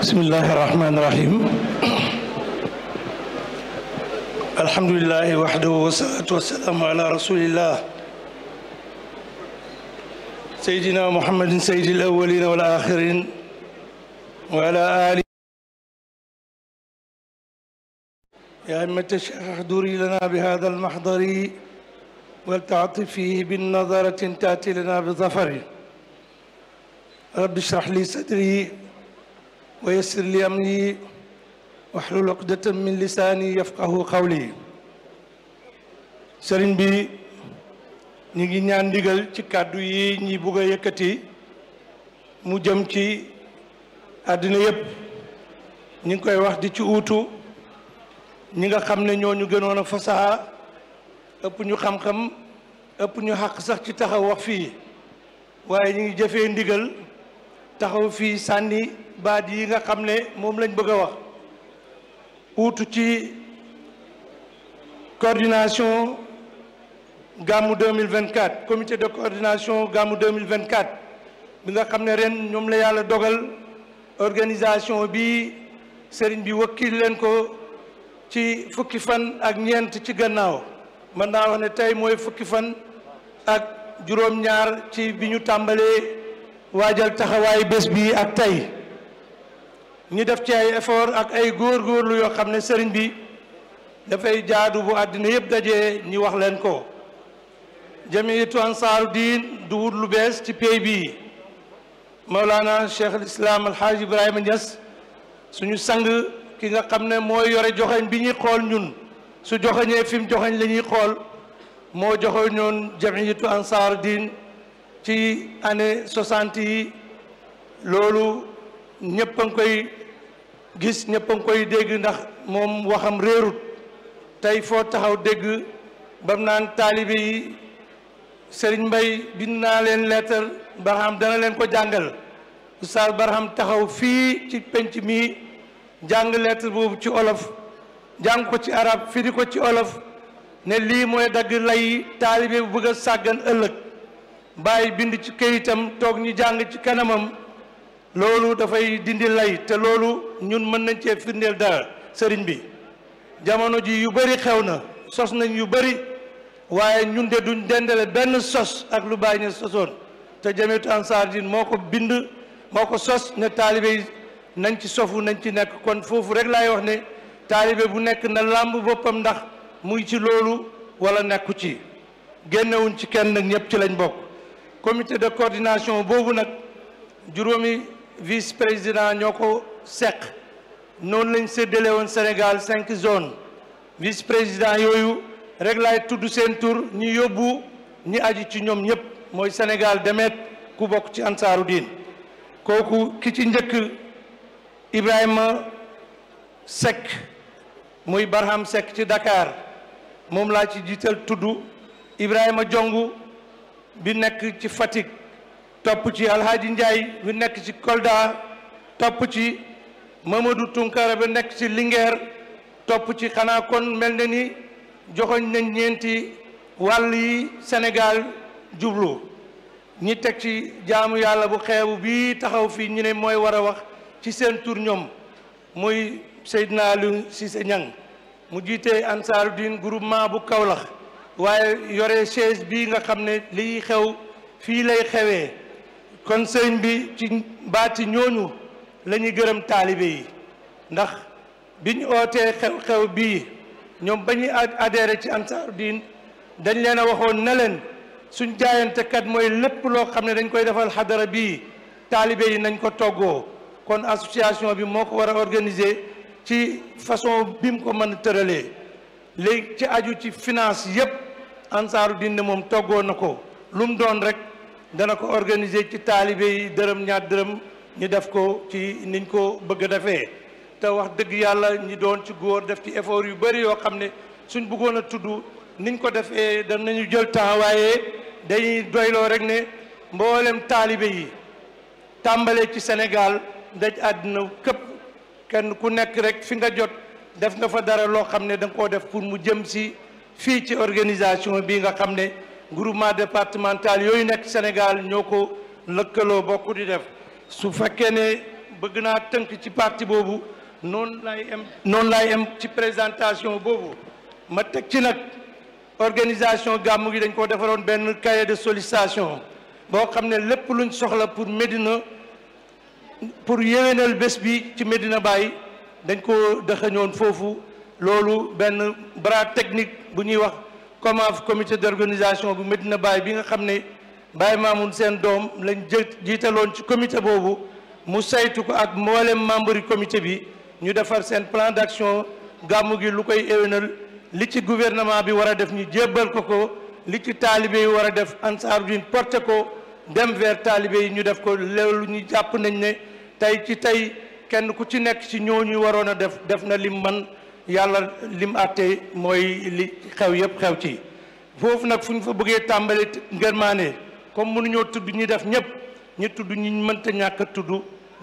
bismillahi irrahmani irrahim alhamdulilahi waxdahu wasalatu wasalaamu ala rasulillah seydina muhammadin seydi alawalina wal axirin wa ala ali yaa himmata cheikh ahduri lana bi hada almahdari waltaatifi binnadaratin taati lana bi zafari rabbi shrah li sadri wa yassir li amri wahlul uqdatan min lisaani xaw qawli sëriñ bi ñu ngi ñaan ndigal ci kàddu yi ñi bugg a yëkkati mu jëm ci àddina yépp ñi ngi koy wax di ci uutu ñi nga xam ne ñoo ñu gënoon a fasaha ëpp ñu xam-xam ëpp ñu xàq sax ci taxaw wax fii waaye ñu ngi jëfee ndigal taxaw fii sànni baat yi nga xam ne moom lañ bëgg a wax wutu ci coordination gàmmu 2024 comité de coordination gàmmu 2024 bi nga xam ne ren ñoom la yàlla dogal organisation bi sëriñ bi wakkil leen ko ci fukki fan ak ñeent ci gannaaw mën naa wax ne tey mooy fukki fan ak juróom-ñaar ci bi ñu tàmbalee waajal taxawaay bés bi ak tey ñu def ci ay effort ak ay góor góorgóorlu yoo xam ne sëriñ bi dafay jaadu bu àddina yëpp dajee ñi wax leen ko jamiyatu ansaaru diin du wut lu bees ci pey bii Mawlana Cheikh al Islam Alhaaj Ibrahima Niass suñu sang ki nga xam ne moo yore joxeñ bi ñuy xool ñun su joxeñee fi mu joxeñ la xool moo joxe ñoon jamiyatu ansaaru diin ci année soixante yi loolu ñëpp gis ñëpp koy dégg ndax moom waxam réerut tey foo taxaw dégg bam naan taalibe yi sëriñ mbay bind naa leen leetar Barham dana leen ko jàngal Oustaz Barham taxaw fii ci penc mi jàng leetar boobu ci olof jàng ko ci arab firi ko ci olof ne lii mooy dagg lay taalibe bu bëgg sàggan ëllëg bàyyi bind ci këyitam toog ñu jàng ci kanamam loolu dafay dindi lay te loolu ñun mën nañ cee firndeel dara sëriñ bi jamono ji yu bëri xew na sos nañ yu bari waaye ñun de duñ dendale benn sos ak lu bàyyi sosoon te Jamhiyatu Ansaaru-Din moo ko bind moo ko sos ne taalibe yi nañ ci sofu nañ ci nekk kon foofu rek laay wax ne taalibe bu nekk na làmb boppam ndax muy ci loolu wala nekku ci génnewuñ ci kenn nag ñëpp ci lañ bokk comité de coordination boobu nag juróomi vice président ñoo ko seq noonu lañ séddale woon Sénégal cinq zones vice président yooyu rek lay tudd seen tur ñi yóbbu ñi aju ci ñoom ñëpp mooy Sénégal demet ku bokk ci ansaaru diin kooku ki ci njëkk Ibrahima Seck muy Barham Seck ci Dakar moom laa ci jiital tudd Ibrahima Jongu bi nekk ci Fatick topp ci alhaaji Ndiaye bu nekk ci Kolda topp ci Mamadou Tunkara bi nekk ci Linguère topp ci xanaa kon mel na ni joxoñ nañ ñeenti wàll yi Sénégal jublu ñi teg ci jaamu yàlla bu xeebu bii taxaw fii ñu ne mooy war a wax ci seen tur ñoom muy Seydina ci Cissé Niang mu jiite Ansaarud-Din groupement bu Kaolack waaye yore chaise bi nga xam ne liy xew fii lay xewee kon sëriñ bi ci baati ñooñu lañuy gërëm taalibe yi ndax biñ ootee xew-xew bii ñoom ba ñuy adhéré ci ansaaru diin dañ leen a waxoon na leen suñ jaayante jaayantekat mooy lépp loo xam ne dañ koy defal xadara bii taalibe yi nañ ko toggoo kon association bi moo ko war a organiser ci façon bi mu ko mën a tëralee léegi ci aju ci finance yépp ansaaru diin ne moom toggoo na ko lu doon rek dana ko organiser ci taalibe yi dërëm ñaar dërëm ñu def ko ci niñ ko bëgg a defee te wax dëgg yàlla ñi doon ci góor def ci effort yu bëri yoo xam ne suñ bëggoon a tudd niñ ko defee danañu jël temps waaye dañuy doyloo rek ne mboolem taalibe yi tàmbalee ci Sénégal daj àddina këpp kenn ku nekk rek fi nga jot def nga fa dara loo xam ne da nga koo def pour mu jëm si fii ci organisation bi nga xam ne groupement départemental yooyu nekk Sénégal ñoo ko lëkkaloo bokk di def su fekkee ne bëgg naa tënk ci parti boobu noonu laay am noonu laay am ci présentation boobu ma teg ci nag organisation gàmmu gi dañ ko defaroon benn cahier de sollicitation boo xam ne lépp luñ soxla pour Médina pour yéwénal bés bi ci Médina bàyyi dañ ko dëxañoon foofu loolu benn bras technique bu ñuy wax comme comité d'organisation bu Medina baay bi nga xam ne Baye Mamoun seen doom lañ jë jiitaloon ci comité boobu mu saytu ko ak mbooleem membre yi comité bi ñu defar seen plan d'action gàmmu gi lu koy éwénal li ci gouvernement bi war a def ñu jébbal ko ko li ci taalibe yi war a def Ansaarud-Din porté ko dem vers taalibe yi ñu def ko loolu ñu jàpp nañ ne tey ci tey kenn ku ci nekk ci ñuy waroon a def def na lim man yàlla lim àtte mooy li xew yëpp xew ci foofu nag fu ñu fa bëggee tàmbali ngërmaane comme mënuñoo tudd ñi def ñëpp ñi tudd ñi mënta ñàkk a tudd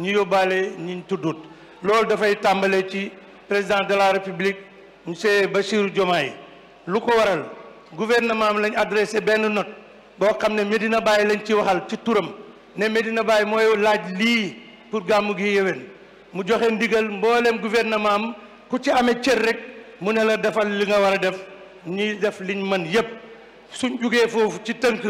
ñi yóbbaale ñi tuddut loolu dafay tàmbale ci président de la république monsieur Bassirou yi lu ko waral gouvernement am lañ adressé benn not boo xam ne Medina bàyyi lañ ci waxal ci turam ne Medina bàyyi mooy laaj lii pour gàmmu gi yéwén mu joxe ndigal mbooleem gouvernement am ku ci amee cër rek mu ne la defal li nga war a def ñuy def liñ mën yépp suñ jugee foofu ci tënk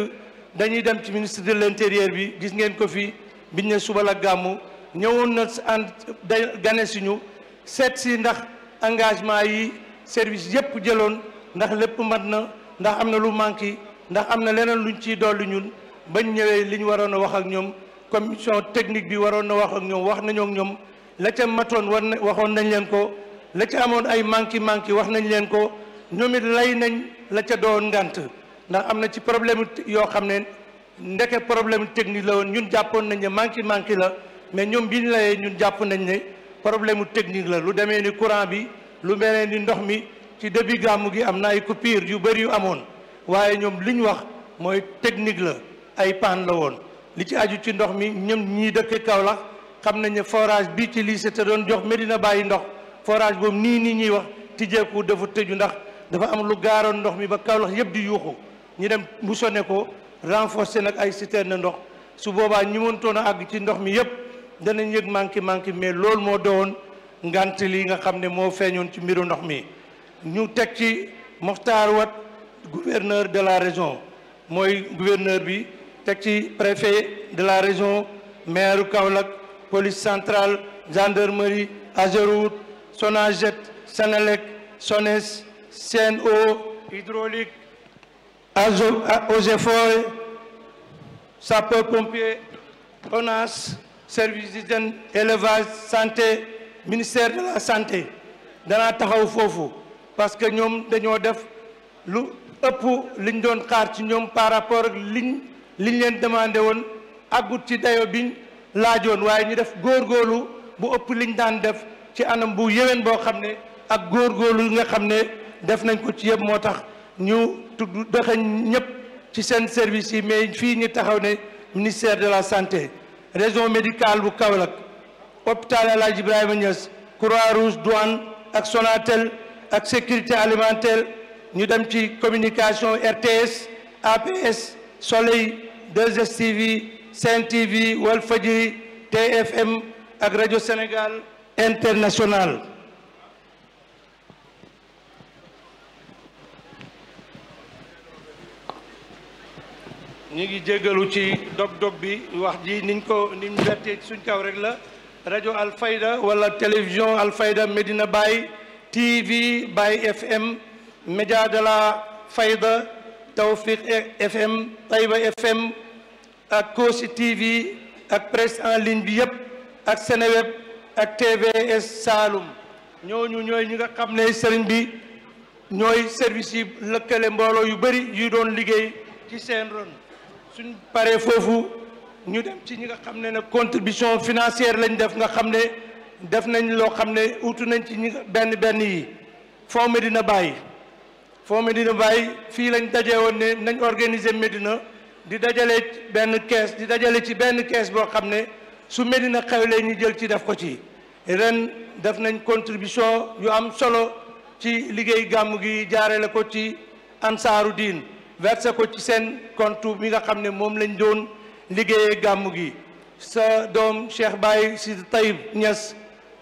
dañuy dem ci ministre de l'intérieur bi gis ngeen ko fii biñ ne suba la gàmmu ñëwoon na ànd day gane si ñu seet si ndax engagement yi service yépp jëloon ndax lépp mat na ndax am na lu manqué ndax am na leneen luñ ciy dolli ñun bañ ñëwee li ñu waroon a wax ak ñoom commission technique bi waroon na wax ak ñoom wax nañoo ak ñoom la ca matoon war na waxoon nañ leen ko la ca amoon ay manki manki wax nañ leen ko ñoom it lay nañ la ca doon ngant ndax am na ci problème yoo xam ne ndeke problème technique la woon ñun jàppoon nañ ne manki manki la mais ñoom bi ñu layee ñun jàpp nañ ne problème technique la lu demee ni courant bi lu mel ni ndox mi ci début gàmmu gi am na ay coupure yu bëri yu amoon waaye ñoom li ñu wax mooy technique la ay panne la woon li ci aju ci ndox mi ñoom ñii dëkk Kaolack xam nañ ne forage bii ci lycée te doon jox Medina bàyyi ndox forage boobu nii nii ñuy wax tijjeeku dafa tëju ndax dafa am lu gaaroon ndox mi ba Kaolack yëpp di yuuxu ñu dem bouchonné ko renforcé nag ay citerne ndox su boobaa ñi mëntoon a àgg ci ndox mi yëpp danañ yëg manqué manqué mais loolu moo doon ngant li nga xam ne moo feeñoon ci mbiru ndox mi ñu teg ci Mokhtar Wat gouverneur de la région mooy gouverneur bi teg ci préfet de la région maire Kaolack police centrale gendarmerie Ageroute Sonaget Senelec SONES Sen'Eau hydraulique Eaux-et-Forêts sapeurs-pompiers ONAS service d'hygiène élevage santé ministère de la santé danaa taxaw foofu parce que ñoom dañoo def lu ëpp liñ doon xaar ci ñoom par rapport ak liñ liñ leen demandé woon àggut ci dayo biñ laajoon waaye ñu def góorgóorlu bu ëpp liñ daan def ci anam bu yéwén boo xam ne ak góorgóorlu nga xam ne def nañ ko ci yëpp moo tax ñu tudd dëxañ ñëpp ci seen service yi mais fii ñu taxaw ne ministère de la santé région médical bu Kaolack hôpital El Hadj Ibrahima Niass Croix Rouge douane ak Sonatel ak sécurité alimentaire ñu dem ci communication RTS APS Soleil 2STV Sen TV Walfadjri TFM ak rajo Sénégal internationale. ñu ngi jéggalu ci dog-dog bi wax ji niñ ko niñ bettee suñ kaw rek la rajo Alfayda wala télévision Alfayda Medina Baye TV Baye FM média de Fayda Tawfiq FM Taïba FM ak Kossy TV ak presse en ligne bi yëpp ak Seneweb ak TVS Saloum ñooñu ñooy ñi nga xam ne sëriñ bi ñooy service yi lëkkale mbooloo yu bëri yu doon liggéey ci seen ron suñ paree foofu ñu dem ci ñi nga xam ne ne contribution financière lañ def nga xam ne def nañ loo xam ne utu nañ ci ñi benn benn yi Fonds Médina Baye Fonds Médina Baye fii lañ daje woon ne nañ organiser Médina di dajale benn kees di dajale ci benn kees boo xam ne su Medina xewlee ñu jël ci def ko ci ren def nañ contribution yu am solo ci liggéey gàmm gi jaarale ko ci ansaaru diin versé ko ci seen compte mi nga xam ne moom lañ doon liggéeyee gàmm gi sa doom Cheikh Baye si Taïb ñas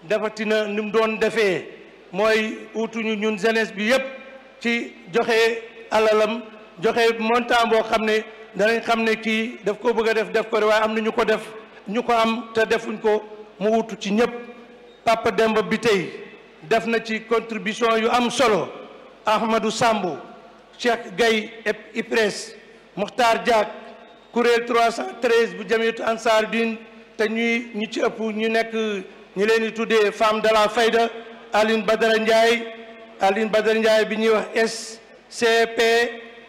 defatina ni mu doon defee mooy utuñu ñun jeunesse bi yépp ci joxe alalam joxe montant boo xam ne danañ xam ne kii daf ko bëgg def def ko waaye am na ñu ko def ñu ko am te defuñ ko mu wutu ci ñëpp Papa Demba bi tey def na ci contribution yu am solo Ahmadou Sambo Cheikh Gaye IPRES Mokhtar Diak kuréel 313 bu jamiyatu Ansar Dine te ñuy ñi ci ëpp ñu nekk ñi leen di tuddee femme de la fayda Aline Badara Ndiaye Aline Badara Ndiaye bi ñuy wax SCP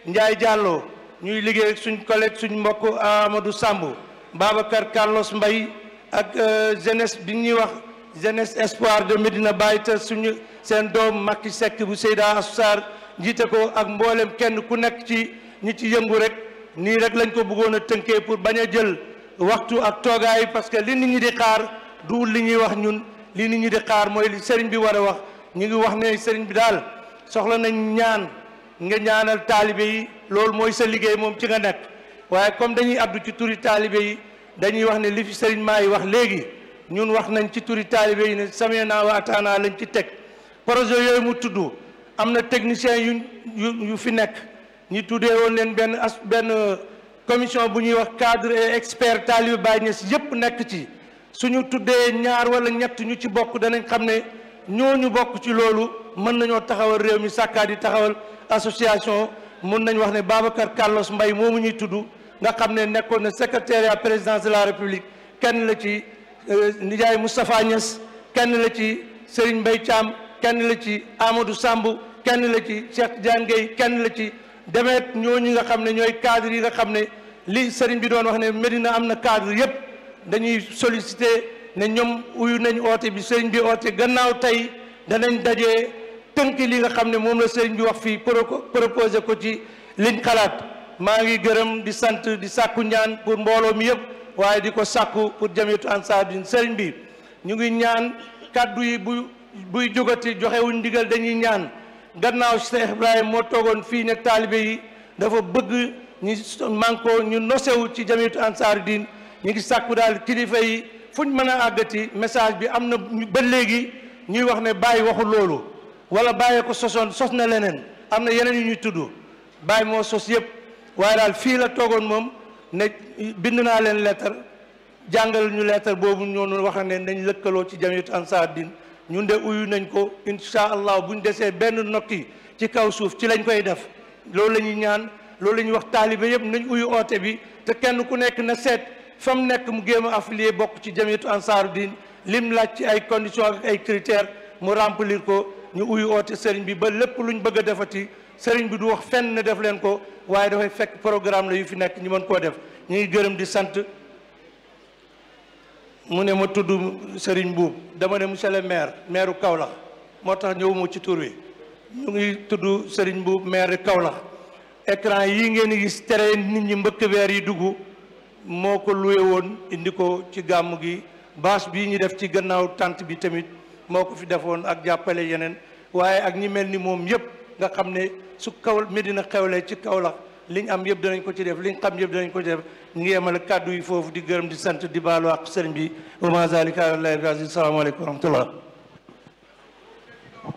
Ndiaye Diallo ñuy liggéey suñ collègue suñ mbokk Amadou Sambo Babacar Carlos mbay ak euh, jeunesse bi ñuy wax jeunesse espoir de Medina Baye suñu seen doom Macky Seck bu Seyda Assar njiite ko ak mboolem kenn ku nekk ci ñi ci yëngu rek nii rek lañ ko bëggoon a tënkee pour bañ a jël waxtu ak toogaay parce que li nit ñi di xaar du li ñuy wax ñun li nit ñi di xaar mooy li sëriñ bi war a wax ñu ngi wax ne sëriñ bi daal soxla nañ ñaan nga ñaanal taalibe yi loolu mooy sa liggéey moom ci nga nekk. waaye comme dañuy addu ci turi taalibe yi dañuy wax ne li fi sëriñ yi wax léegi ñun wax nañ ci turi taalibe yi ne samee naa wa ataanaa lañ ci teg projet yooyu mu tudd am na technicien yu yu fi nekk ñi tuddee woon leen benn as benn commission bu ñuy wax cadre et expert taalibe Baay Ñas yëpp nekk ci suñu tuddee ñaar wala ñett ñu ci bokk danañ xam ne ñu bokk ci loolu mën nañoo taxawal réew mi sàkkaat yi taxawal association mun nañu wax ne Babacar Carlos Mbay moomu ñuy tudd nga xam ne nekkoon na secrétaire à présidence de la république kenn la ci euh, nijaay Moustapha Niass kenn la ci Serigne Mbaye Thiam kenn la ci Amadou Samb kenn la ci Cheikh Tidiane Gueye kenn la ci demeet ñooñu nga xam ne ñooy cadre yi nga xam ne li Serigne bi doon wax ne Medina am na cadre yépp dañuy solliciter ne ñoom uyu nañ oote bi Serigne bi oote gannaaw tey danañ daje tënk li nga xam ne moom la Serigne bi wax fii proposé ko ci liñ xalaat maa ngi gërëm di sant di sàkku ñaan pour mbooloo mi yëpp waaye di ko sàkku pour jamiyatu ansaruddin sëriñ bi ñu ngi ñaan kàddu yi bu buy jógati joxewuñ ndigal dañuy ñaan gannaaw Cheikh Ibrahima moo toogoon fii ne taalibe yi dafa bëgg ñu manko ñu nosewu ci jamiyatu ansaruddin ñu ngi sàkku daal kilifa yi fu fuñ mën a àggati message bi am na ba léegi ñuy wax ne bàyyi waxu loolu wala bàyyee ko sosoon sos na leneen am na yeneen yu ñuy tudd bàyyi moo sos yëpp waaye daal fii la toogoon moom ne bind naa leen lettre jàngal ñu lettre boobu ñoonu wax ne nañ lëkkaloo ci jamiyatu ansaar din ñun de uyu nañ ko insha allah buñ desee benn nokki ci kaw suuf ci lañ koy def loolu la ñuy ñaan loolu la ñuy wax taalibe yëpp nañ uyu oote bi te kenn ku nekk na seet fa mu nekk mu géem a affilié bokk ci jamiyatu ansaar din lim laaj ci ay conditions ak ay critères mu remplir ko ñu uyu oote sëriñ bi ba lépp luñ bëgg a defati sëriñ bi du wax fenn ne def leen ko waaye dafay fekk programme la yu fi nekk ñu mën koo def ñuy gërëm di sant mu ne ma tudd sëriñ buub dama ne monsieur le maire mairu Kaolack moo tax ñëwuma ci tur wi ñu ngi tudd sëriñ buub maire Kaolack écran yi ngeen gis tere nit ñi mbëkk weer yi dugg moo ko luwe woon indi ko ci gàmm gi bâche bii ñu def ci gannaaw tànt bi tamit moo ko fi defoon ak jàppale yeneen waaye ak ñi mel ni moom yëpp nga xam ne su kaw Medina xewlee ci kaw la liñ am yëpp danañ ko ci def liñ xam yëpp danañ ko ci def ngi yemal kàddu yi foofu di gërëm di sant di baalu ak sëriñ bi wa ma zalika ala llahi bi aziz salaamaaleykum wa rahmatullah